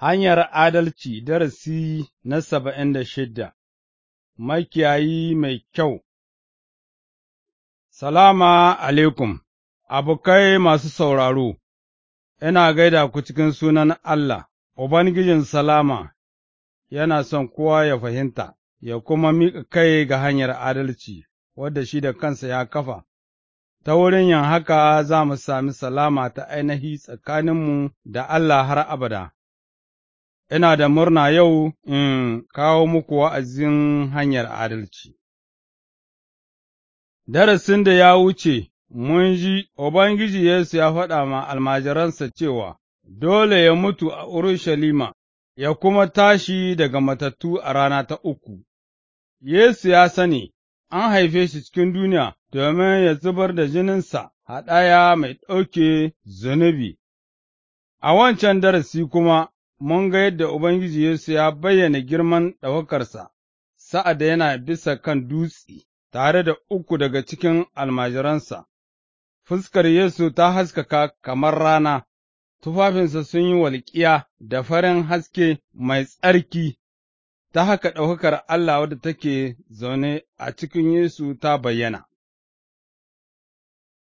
Hanyar adalci darasi na saba'in da shidda Makiyayi mai kyau Salama alaikum, abokai masu sauraro, ina gaida ku cikin sunan Allah, Ubangijin Salama, yana son kowa ya fahimta, ya kuma miƙa kai ga hanyar adalci, wadda shi da kansa ya kafa. ta wurin yin haka za mu sami salama ta ainihi tsakaninmu da Allah har abada. ina da murna yau in kawo muku wa'azin hanyar adalci. Darasin da ya wuce, mun ji Ubangiji Yesu ya faɗa ma almajiransa cewa, Dole ya mutu a Urushalima, ya kuma tashi daga matattu a rana ta uku. Yesu ya sani, an haife shi cikin duniya domin ya zubar da jininsa haɗaya mai ɗauke zunubi. A wancan darasi kuma mun ga yadda Ubangiji Yesu ya bayyana girman ɗaukarsa sa'ad da yana bisa kan dutse tare da uku daga cikin almajiransa, fuskar Yesu ta haskaka kamar rana, tufafinsa sun yi walƙiya da farin haske mai tsarki, ta haka ɗaukar Allah wadda take zaune a cikin Yesu ta bayyana.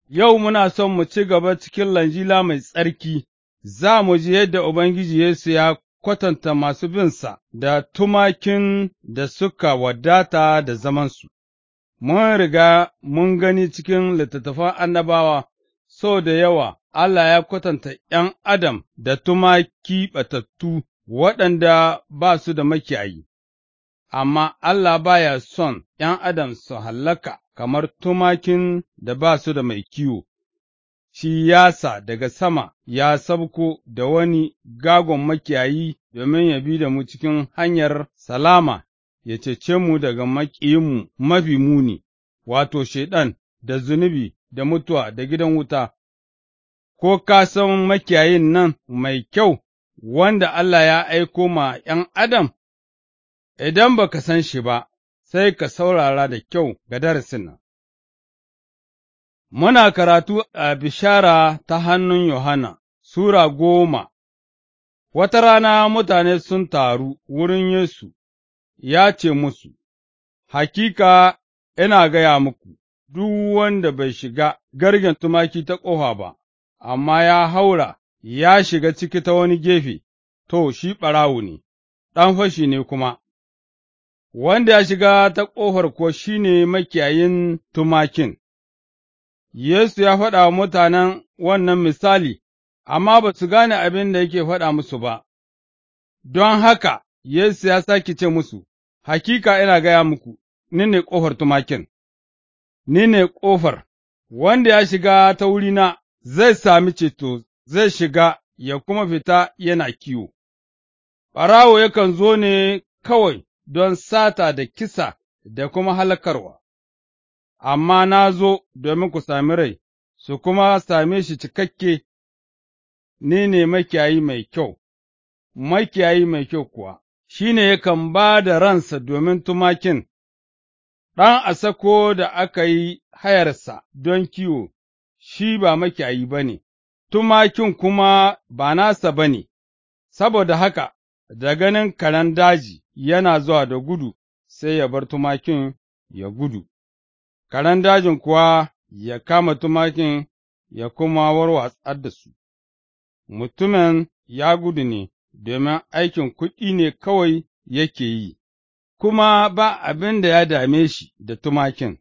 Yau muna son mu ci gaba cikin Lanjila mai tsarki. za mu ji yadda Ubangiji Yesu ya kwatanta masu binsa da tumakin da suka wadata da zamansu. Mun riga mun gani cikin littattafan annabawa, so da yawa Allah ya kwatanta ’yan Adam da tumaki batattu waɗanda ba su da makiyayi, amma Allah baya son ’yan Adam su hallaka kamar tumakin da ba su da mai kiwo, shi yasa daga sama ya sabko da wani gagon makiyayi domin ya bi da mu cikin hanyar salama, ya cece mu daga makiyinmu mafi muni, wato, Shaiɗan da zunubi da mutuwa da gidan wuta. Ko ka san makiyayin nan mai kyau wanda Allah ya aiko ma ’yan Adam, idan ba ka san shi ba, sai ka saurara da kyau ga darasin nan. Muna karatu a bishara ta hannun Yohanna, Sura goma Wata rana mutane sun taru wurin Yesu, ya ce musu, Hakika ina gaya muku, duk wanda bai shiga gargen tumaki ta ƙofa ba, amma ya haura ya shiga ciki ta wani gefe, to, shi ɓarawu ne, ɗan fashi ne kuma, wanda ya shiga ta ƙofar kuwa shi ne makiyayin tumakin. Yesu ya faɗa wa mutanen wannan misali, amma ba su gane abin da yake faɗa musu ba, don haka Yesu ya sake ce musu, Hakika ina gaya muku, ni ne ƙofar tumakin, ni ne ƙofar, wanda ya shiga ta wurina zai sami ceto, zai shiga ya kuma fita yana kiwo. Ɓarawo yakan zo ne kawai don sata da kisa da kuma halakarwa. amma na zo domin ku sami rai, su kuma same shi cikakke, ni ne makiyayi mai kyau, makiyayi mai kyau kuwa, shi ne yakan ba da ransa domin tumakin, ɗan asako da aka yi hayarsa don kiwo, shi ba makiyayi ba ne, tumakin kuma ba nasa ba ne, saboda haka, da ganin karen daji yana zuwa da gudu, sai ya bar tumakin ya gudu. Karan dajin kuwa ya kama tumakin ya kuma warwatsar da su, mutumin ya gudu ne domin aikin kuɗi ne kawai yake yi, kuma ba abin da ya dame shi da tumakin,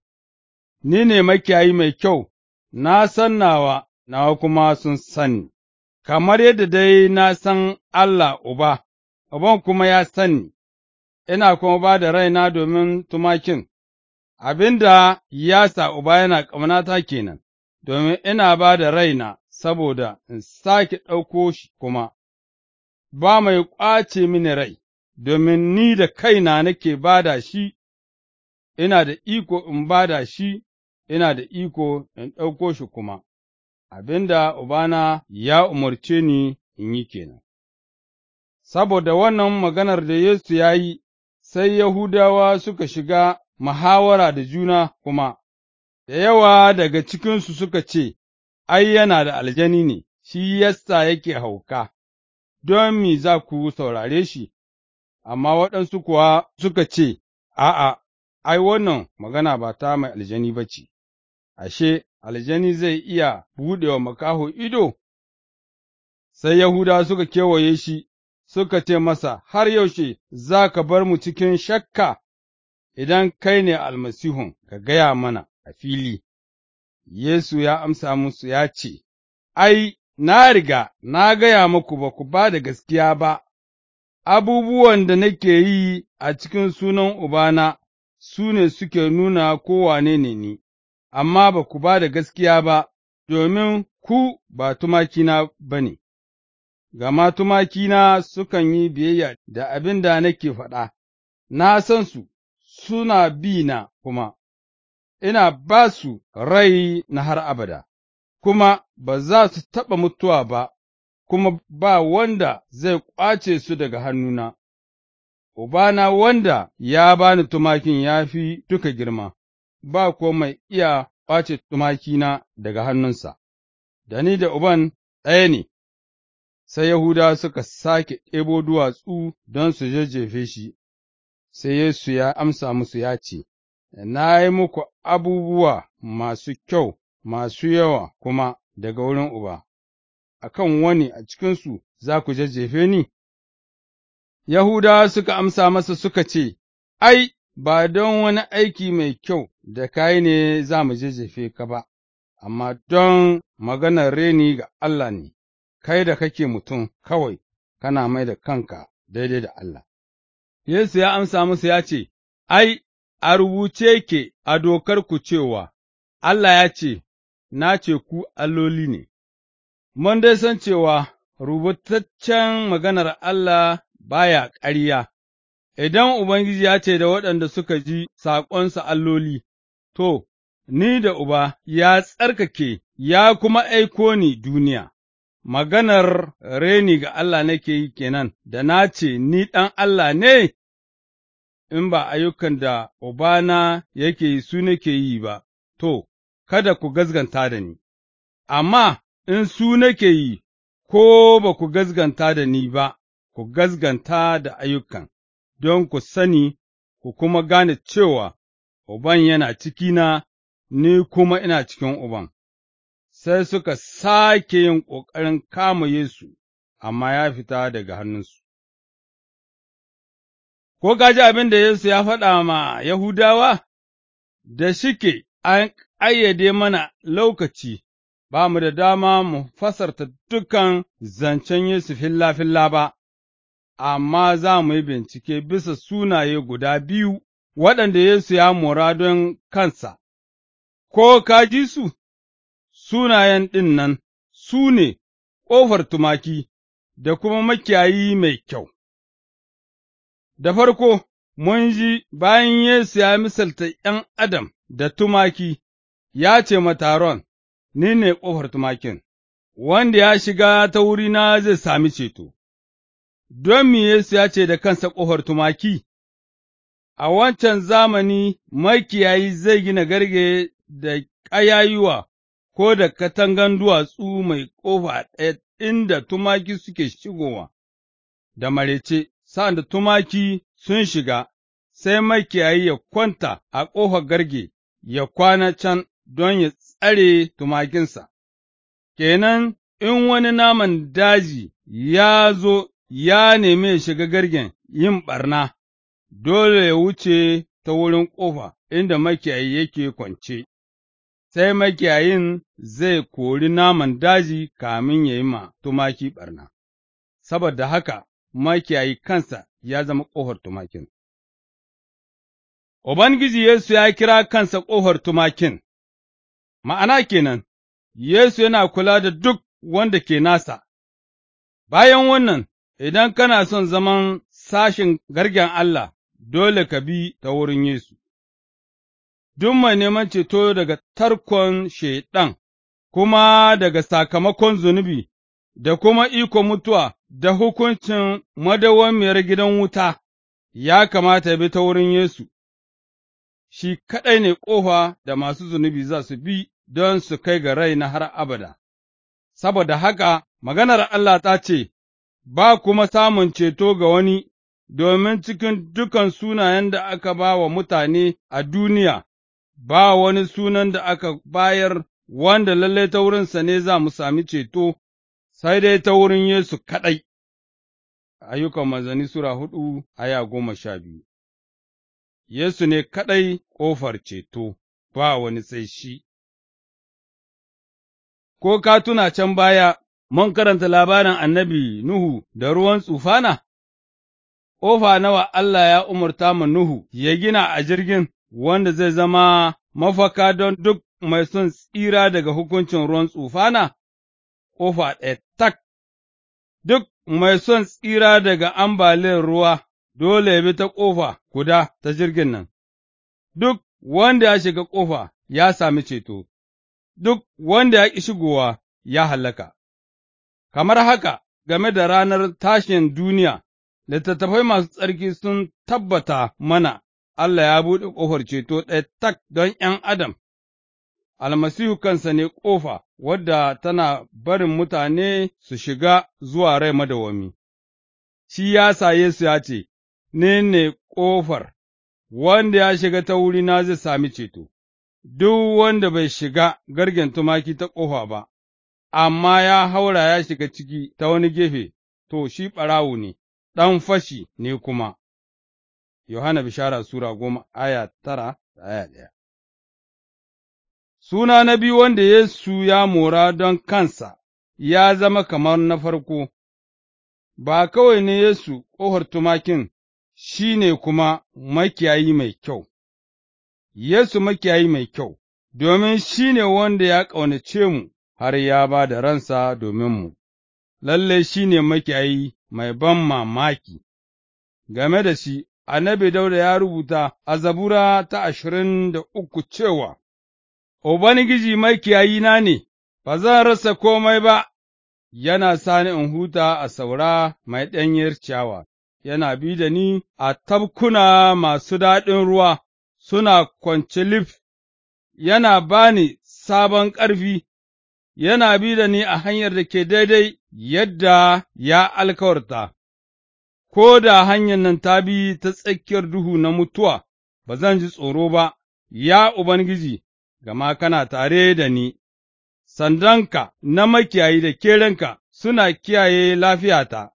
ni ne makiyayi mai kyau, na san nawa, nawa kuma sun sani, kamar yadda dai na san Allah Uba, Uban kuma ya sani, ina kuma ba da raina domin tumakin. abin da ya sa Uba yana ƙaunata kenan, domin ina ba da raina saboda in sake ɗauko shi kuma, ba mai ƙwace mini rai, domin ni da kaina nake ba da shi, ina da iko in ba da shi, ina da iko in ɗauko shi kuma, abin da Ubana ya umarce ni in yi kenan. Saboda wannan maganar da Yesu ya yi, sai Yahudawa suka shiga mahawara da juna kuma, da yawa daga cikinsu suka ce, Ai, yana da aljani ne, shi yasta yake hauka, don me za ku saurare shi, amma waɗansu kuwa suka ce, A'a, ai, wannan magana ba ta mai aljani ba ce, ashe, aljani zai iya buɗewa makaho ido? Sai Yahuda suka kewaye shi, suka ce masa, Har yaushe za ka bar mu cikin shakka? Idan kai ne almasihun, ka gaya mana a fili. Yesu ya amsa musu ya ce, Ai, na riga na gaya muku ba ku ba da gaskiya ba, abubuwan da nake yi a cikin sunan Ubana su ne suke nuna kowane ne ni, amma ba ku ba da gaskiya ba, domin ku ba tumakina ba ne, gama tumakina sukan yi biyayya da abin da nake faɗa, na san su, suna bi na kuma, ina ba su rai na har abada, kuma ba za su taɓa mutuwa ba, kuma ba wanda zai ƙwace su daga hannuna. Ubana wanda ya bani tumakin ya fi duka girma, ba kuwa mai iya ƙwace tumakina daga hannunsa, da ni da Uban ɗaya ne, sai Yahuda suka sake ɗebo duwatsu don su jajjefe shi, sai Yesu ya amsa musu ya ce, Na yi muku abubuwa masu kyau, masu yawa kuma daga wurin Uba, a kan wani a cikinsu za ku jajjefe ni? Yahudawa suka amsa masa suka ce, Ai, ba don wani aiki mai kyau da kayi ne za mu jajjefe ka ba, amma don maganar reni ga Allah ne, kai da kake mutum kawai kana mai da kanka daidai da Allah. Yesu ya amsa musu ya ce, Ai, a rubuce ke a dokarku cewa, Allah ya ce, Na ce ku alloli ne, mun dai san cewa rubutaccen maganar Allah baya ƙarya, idan Ubangiji ya ce da waɗanda suka ji saƙonsa alloli, to, ni da Uba ya tsarkake ya kuma aiko ni duniya. maganar reni ga Allah nake yi kenan, da na ce, Ni ɗan Allah ne, in ba ayyukan da Ubana yake yi su nake yi ba, to, kada ku gazganta da ni, amma in su nake yi, ko ba ku gazganta da ni ba, ku gazganta da ayyukan, don ku sani, ku kuma gane cewa Uban yana cikina, ni kuma ina cikin Uban. sai suka sake yin ƙoƙarin kama Yesu, amma ya fita daga hannunsu. Ko gaji abin da Yesu ya faɗa ma Yahudawa, da shike an ƙayyade mana lokaci, ba mu da dama mu fasarta dukan zancen Yesu filla-filla ba, amma za mu yi bincike bisa sunaye guda biyu waɗanda Yesu ya mora don kansa, ko ka ji su? sunayen ɗin nan su ne ƙofar tumaki da kuma makiyayi mai kyau. Da farko, mun ji bayan Yesu ya misalta ’yan Adam da tumaki, ya ce ma taron, Ni ne ƙofar tumakin, wanda ya shiga ta wurina zai sami ceto, don mi Yesu ya ce da kansa ƙofar tumaki? A wancan zamani makiyayi zai gina garge da ƙayayuwa ko da katangan duwatsu mai ƙofa ɗaya inda tumaki suke shigowa, da marece, sa'an da tumaki sun shiga, sai makiyayi ya kwanta a ƙofar garge, ya kwana can don ya tsare tumakinsa. Kenan in wani naman daji ya zo ya nemi ya shiga gargen yin ɓarna, dole ya wuce ta wurin ƙofa inda makiyayi yake kwance. sai makiyayin zai kori naman daji kamin ya yi ma tumaki ɓarna, saboda haka makiyayi kansa ya zama ƙofar tumakin. Ubangiji Yesu ya kira kansa ƙofar tumakin, ma'ana kenan, Yesu yana kula da duk wanda ke nasa, bayan wannan, idan kana son zaman sashin gargen Allah, dole ka bi ta wurin Yesu. duk mai neman ceto daga tarkon Shaiɗan, kuma daga sakamakon zunubi, da kuma iko mutuwa da hukuncin madawwamiyar gidan wuta, ya kamata ya bi ta wurin Yesu, shi kaɗai ne ƙofa da masu zunubi za su bi don su kai ga rai na har abada. Saboda haka, maganar Allah ta ce, Ba kuma samun ceto ga wani, domin cikin dukan sunayen da aka ba wa mutane a duniya ba wani sunan da aka bayar wanda lalle ta wurinsa ne za mu sami ceto, sai dai ta wurin Yesu kaɗai. Ayyukan manzanni Sura hudu aya goma sha biyu Yesu ne kaɗai ƙofar ceto, ba wani sai shi. Ko ka tuna can baya, mun karanta labarin annabi Nuhu da ruwan tsufana? Ƙofa nawa Allah ya umarta ma Nuhu ya gina a jirgin wanda zai zama mafaka don duk mai son tsira daga hukuncin ruwan tsufana, ƙofa ɗaya tak, duk mai son tsira daga ambaliyar ruwa dole ya bi ta ƙofa guda ta jirgin nan, duk wanda ya shiga ƙofa ya sami ceto, duk wanda ya ƙi shigowa ya hallaka. Kamar haka game da ranar tashin duniya, littattafai masu tsarki sun tabbata mana Allah ya buɗe ƙofar ceto ɗaya tak don ’yan Adam, almasihu kansa ne ƙofa wadda tana barin mutane su shiga zuwa rai madawami. Shi ya sa Yesu ya ce, Ni ne ƙofar, wanda ya shiga ta wuri na zai sami ceto, duk wanda bai shiga gargen tumaki ta ƙofa ba, amma ya haura ya shiga ciki ta wani gefe, to, shi ɓarawo ne, ɗan fashi ne kuma. Yohana Bishara Sura goma aya tara da aya ɗaya. Suna na biyu wanda Yesu ya mora don kansa ya zama kamar na farko, ba kawai ne Yesu ƙohar tumakin shi ne kuma makiyayi mai kyau, Yesu makiyayi mai kyau, domin shi ne wanda ya ƙaunace mu har ya ba da ransa mu, lalle shi ne makiyayi mai ban mamaki, game da shi annabi Dauda ya rubuta a Zabura ta ashirin da uku cewa, Ubangiji kiyayina ne, ba zan rasa komai ba, yana sani in huta a saura mai ɗanyar ciyawa, yana bi da ni a tabkuna masu daɗin ruwa, suna kwanci lif, yana ba ni sabon ƙarfi, yana bi da ni a hanyar da ke daidai yadda ya alkawarta. ko da hanyar nan ta bi ta tsakiyar duhu na mutuwa, ba zan ji tsoro ba, ya Ubangiji, gama kana tare da ni, sandanka na makiyayi da kerenka suna kiyaye lafiyata,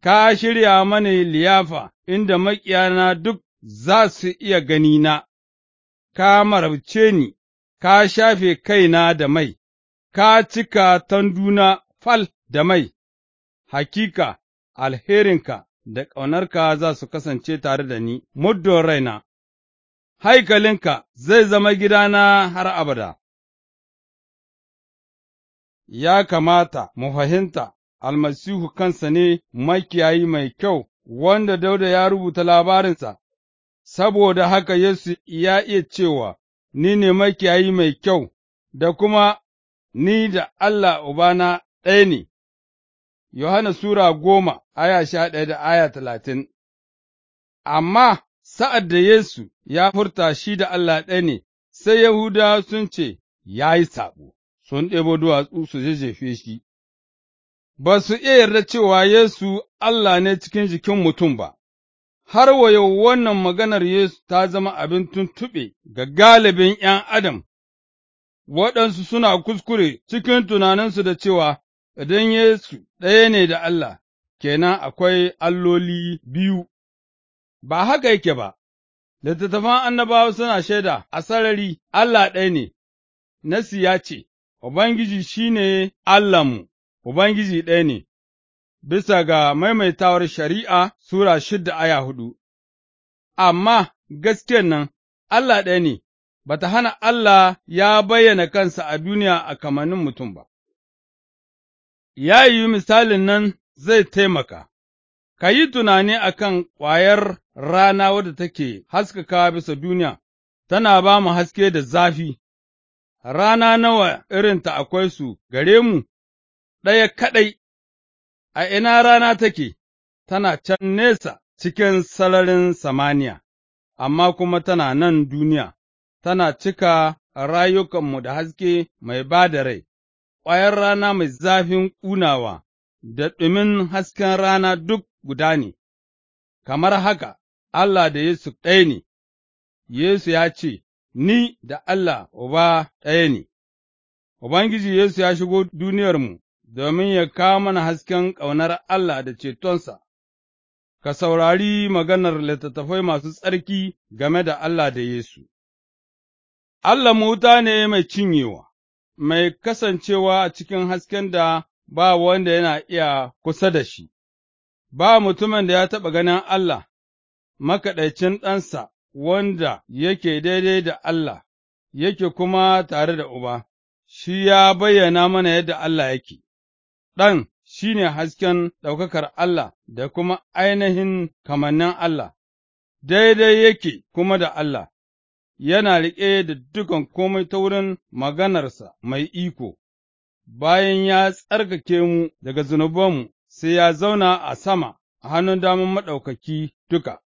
ka shirya mana liyafa inda makiyana duk za su iya ganina, ka marabce ni, ka shafe kaina da mai, ka cika tanduna fal da mai, hakika alherinka da ƙaunarka za su kasance tare da ni, muddin raina, haikalinka zai zama gidana har abada. Ya kamata mu fahimta, almasihu kansa ne makiyayi mai kyau wanda Dauda ya rubuta labarinsa, saboda haka Yesu ya iya cewa, Ni ne makiyayi mai kyau, da kuma ni da Allah Ubana ɗaya ne. Yohana Sura goma aya sha ɗaya da aya talatin Amma sa'ad da Yesu ya furta shi da Allah ɗaya ne, sai yahuda sun ce, Ya yi saɓo, sun ɗebo duwatsu su jajjefe shi, ba su iya yarda cewa Yesu Allah ne cikin jikin mutum ba, har wa yau wannan maganar Yesu ta zama abin tuntuɓe ga galibin ’yan Adam, waɗansu suna kuskure cikin tunaninsu da cewa don Yesu ɗaya ne da Allah, kenan akwai alloli biyu, ba haka yake ba, littattafan annabawa suna shaida a sarari Allah ɗaya ne, Nasi ya ce, Ubangiji shi ne Allahnmu, Ubangiji ɗaya ne, bisa ga maimaitawar shari'a Sura shidda aya hudu, amma gaskiyan nan Allah ɗaya ne, ba ta hana Allah ya bayyana kansa a duniya a kamannin mutum ba. ya yi misalin nan zai taimaka, ka yi tunani a kan ƙwayar rana wadda take haskaka bisa duniya, tana ba mu haske da zafi, rana nawa irinta akwai su gare mu, ɗaya kaɗai, a ina rana take, tana can nesa cikin sararin samaniya, amma kuma tana nan duniya, tana cika rayukanmu da haske mai ba da rai. ƙwayar rana mai zafin ƙunawa da ɗumin hasken rana duk guda ne, kamar haka Allah da Yesu ɗaya ne, Yesu ya ce, Ni da Allah Uba ɗaya ne, Ubangiji Yesu ya shigo duniyarmu domin ya kawo mana hasken ƙaunar Allah da cetonsa, ka saurari maganar littattafai masu tsarki game da Allah da Yesu. Allah mu ne mai cinyewa. mai kasancewa a cikin hasken da ba wanda yana iya kusa da shi, ba mutumin da ya taɓa ganin Allah, makaɗaicin ɗansa wanda yake daidai da Allah, yake kuma tare da Uba, shi ya bayyana mana yadda Allah yake, ɗan shi ne hasken ɗaukakar Allah da kuma ainihin kamannin Allah, daidai yake kuma da Allah, yana riƙe da dukan komai ta wurin maganarsa mai iko, bayan ya tsarkake mu daga zunubanmu sai ya zauna a sama a hannun damar maɗaukaki duka.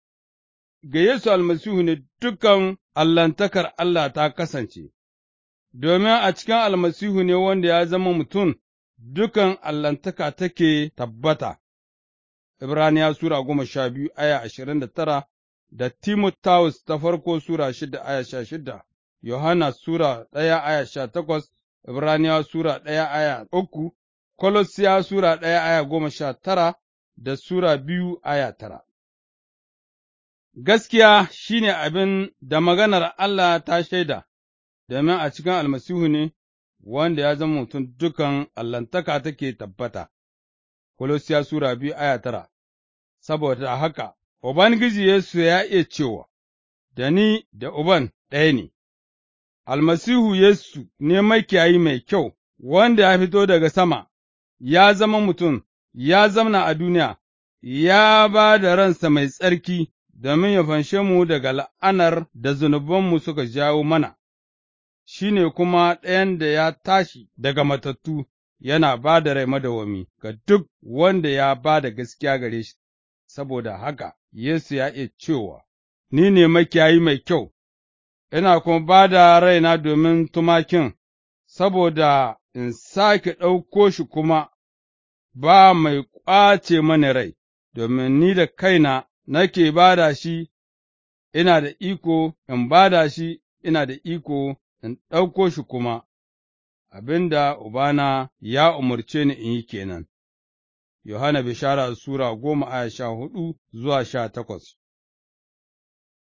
Ga Yesu almasihu ne dukan allantakar Allah ta kasance, domin a cikin almasihu ne wanda ya zama mutum dukan allantaka take tabbata. Ibraniya Sura goma sha biyu aya ashirin da tara da Timotaus ta farko Sura shida aya sha shida, Yohana Sura ɗaya aya sha takwas, Ibraniya Sura ɗaya aya uku, Kolosiya Sura ɗaya aya goma sha tara da Sura biyu aya tara. Gaskiya shi ne abin da maganar Allah ta shaida, domin a cikin almasihu ne wanda ya zama mutum dukan allantaka take tabbata. Kolosiya Sura biyu aya tara, saboda haka Ubangiji Yesu ya iya cewa, Da ni da Uban ɗaya ne, almasihu Yesu ne makiyayi mai kyau wanda ya fito daga sama, ya zama mutum, ya zamna a duniya, ya ba da ransa mai tsarki domin ya fanshe mu daga la'anar da zunubanmu suka jawo mana, shi ne kuma ɗayan da ya tashi daga matattu yana ba da rai madawwami ga duk wanda ya ba da gaskiya gare shi. saboda haka Yesu ya iya cewa, Ni ne makiyayi mai kyau, ina kuma ba da raina domin tumakin, saboda in sake ɗauko shi kuma ba mai ƙwace mani rai, domin ni da kaina nake ba da shi, ina da iko in ba da shi, ina da iko in ɗauko shi kuma, Abinda Ubana ya umarce ni in yi kenan. Yohana Bishara Sura goma a sha hudu zuwa sha takwas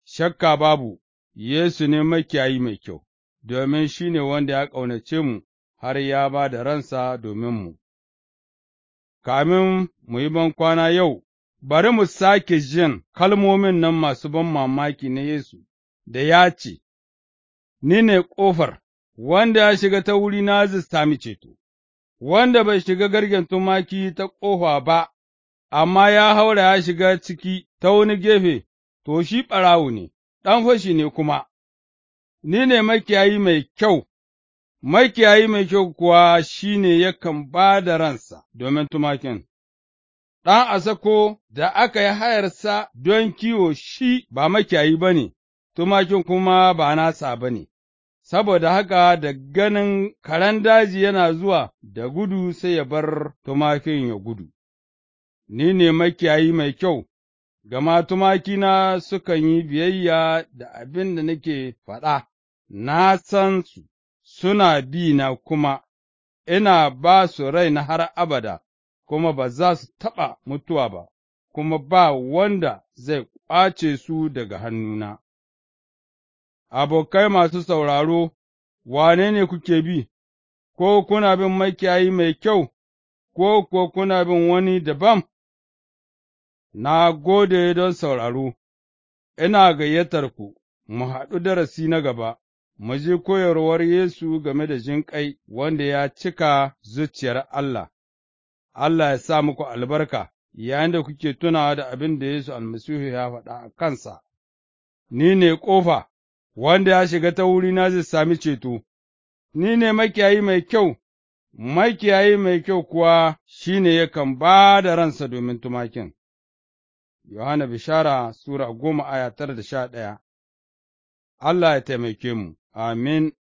Shakka babu, Yesu ne makiyayi mai kyau, domin shi ne wanda ya ƙaunace mu har ya ba da ransa mu. Kamin mu yi kwana yau, bari mu sake jin kalmomin nan masu ban mamaki na Yesu, da ya ce, Ni ne ƙofar, wanda ya shiga ta wuri na zai sami ceto. wanda bai shiga gargen tumaki ta ƙofa ba, amma ya haura ya shiga ciki ta wani gefe, to shi ɓarawu ne, ɗan fashi ne kuma, ni ne makiyayi mai kyau, makiyayi mai kyau kuwa shi ne yakan ba da ransa domin tumakin. Ɗan asako da aka yi hayarsa don kiwo shi ba makiyayi ba ne, tumakin kuma ba nasa ba ne. saboda haka da ganin karen daji yana zuwa da gudu sai ya bar tumakin ya gudu. Ni ne makiyayi mai kyau, gama tumakina sukan yi biyayya da abin da nake faɗa, na san su, suna bi na kuma, ina ba su rai na har abada, kuma ba za su taɓa mutuwa ba, kuma ba wanda zai ƙwace su daga hannuna. Abokai masu sauraro, wane ne kuke bi, ko kuna bin makiyayi mai kyau, ko ko kuna bin wani dabam? Na gode don sauraro, ina gayyatar ku. mu haɗu darasi na gaba, mu ji koyarwar Yesu game da jinƙai wanda ya cika zuciyar Allah. Allah ya sa muku albarka yayin da kuke tunawa da abin da Yesu almasihu ya faɗa a kansa, Ni ne ƙofa. wanda ya shiga ta na zai sami ceto, ni ne makiyayi mai kyau, makiyayi mai kyau kuwa shi ne yakan ba da ransa domin tumakin. Yohana Bishara Sura goma aya tara da sha ɗaya Allah ya taimake mu, amin.